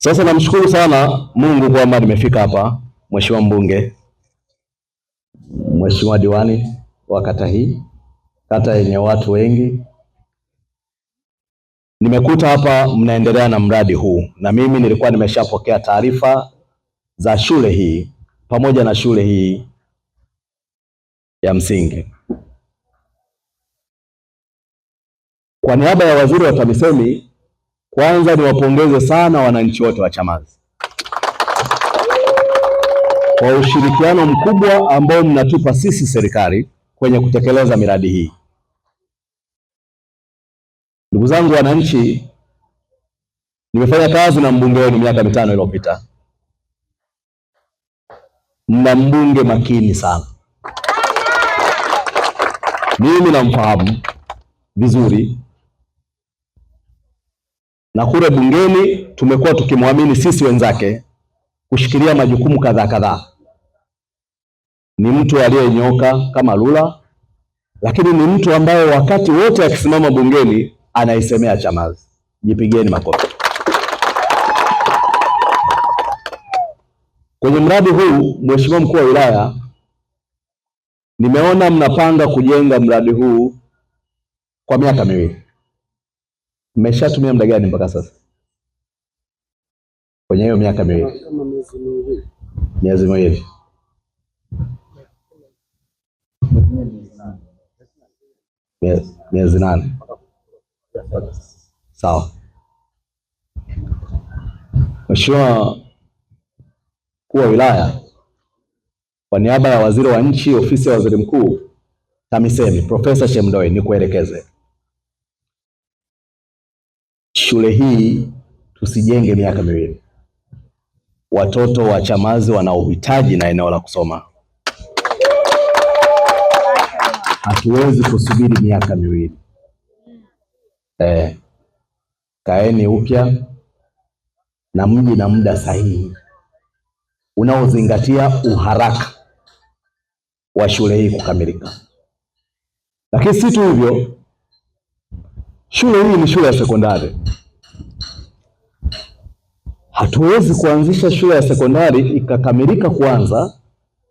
Sasa namshukuru sana Mungu kwamba nimefika hapa, mheshimiwa mbunge, mheshimiwa diwani wa kata hii, kata yenye watu wengi. Nimekuta hapa mnaendelea na mradi huu, na mimi nilikuwa nimeshapokea taarifa za shule hii pamoja na shule hii ya msingi. Kwa niaba ya waziri wa TAMISEMI kwanza niwapongeze sana wananchi wote wa Chamazi kwa ushirikiano mkubwa ambao mnatupa sisi serikali kwenye kutekeleza miradi hii. Ndugu zangu wananchi, nimefanya kazi na mbunge wenu miaka mitano iliyopita. Mna mbunge makini sana, mimi namfahamu vizuri na kule bungeni tumekuwa tukimwamini sisi wenzake kushikilia majukumu kadhaa kadhaa. Ni mtu aliyenyoka kama Lula, lakini ni mtu ambaye wakati wote akisimama bungeni anaisemea Chamazi. Jipigeni makofi. Kwenye mradi huu, Mheshimiwa Mkuu wa Wilaya, nimeona mnapanga kujenga mradi huu kwa miaka miwili. Mmeshatumia muda gani mpaka sasa kwenye hiyo miaka miwili? Miezi miwili. Miezi nane. Sawa. Mheshimiwa Mkuu wa Wilaya, kwa niaba ya Waziri wa Nchi, Ofisi ya Waziri Mkuu, TAMISEMI, Profesa Shemdoe, kuelekeze shule hii tusijenge miaka miwili, watoto wa Chamazi uhitaji na eneo la kusoma hatuwezi kusubiri miaka miwili eh. Kaeni upya na mji na muda sahihi unaozingatia uharaka wa shule hii kukamilika. Lakini si tu hivyo, shule hii ni shule ya sekondari. Hatuwezi kuanzisha shule ya sekondari ikakamilika kwanza,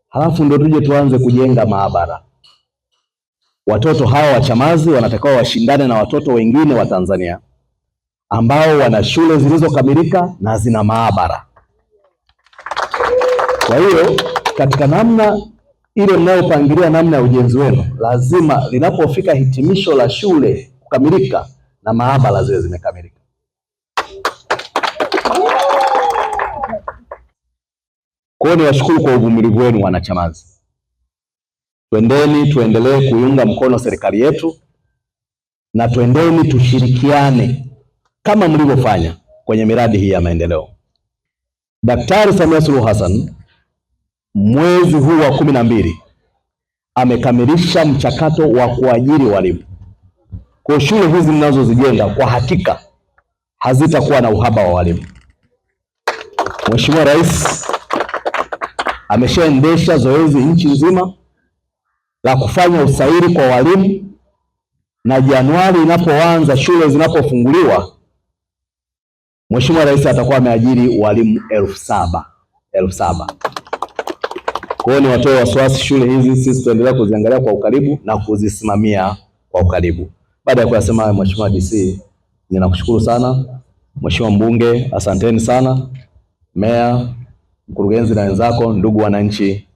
halafu ndio tuje tuanze kujenga maabara. Watoto hawa wachamazi wanatakiwa washindane na watoto wengine wa Tanzania ambao wana shule zilizokamilika na zina maabara. Kwa hiyo katika namna ile mnayopangilia namna ya ujenzi wenu, lazima linapofika hitimisho la shule kukamilika na maabara ziwe zimekamilika. Kwa hiyo niwashukuru kwa uvumilivu wenu wanachamazi. Twendeni tuendelee kuiunga mkono serikali yetu na twendeni tushirikiane kama mlivyofanya kwenye miradi hii ya maendeleo. Daktari Samia Suluhu Hassan mwezi huu wa kumi na mbili amekamilisha mchakato wa kuajiri walimu. Kwa shule hizi mnazozijenga kwa hakika hazitakuwa na uhaba wa walimu. Mheshimiwa Rais ameshaendesha zoezi nchi nzima la kufanya usairi kwa walimu, na Januari inapoanza shule zinapofunguliwa, Mheshimiwa Rais atakuwa ameajiri walimu elfu saba elfu saba. Kwa hiyo ni watoe wasiwasi, shule hizi sisi tuendelea kuziangalia kwa ukaribu na kuzisimamia kwa ukaribu. Baada ya kuyasema haya, Mheshimiwa DC, ninakushukuru sana. Mheshimiwa Mbunge, asanteni sana meya, mkurugenzi na wenzako, ndugu wananchi,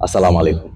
assalamu alaikum.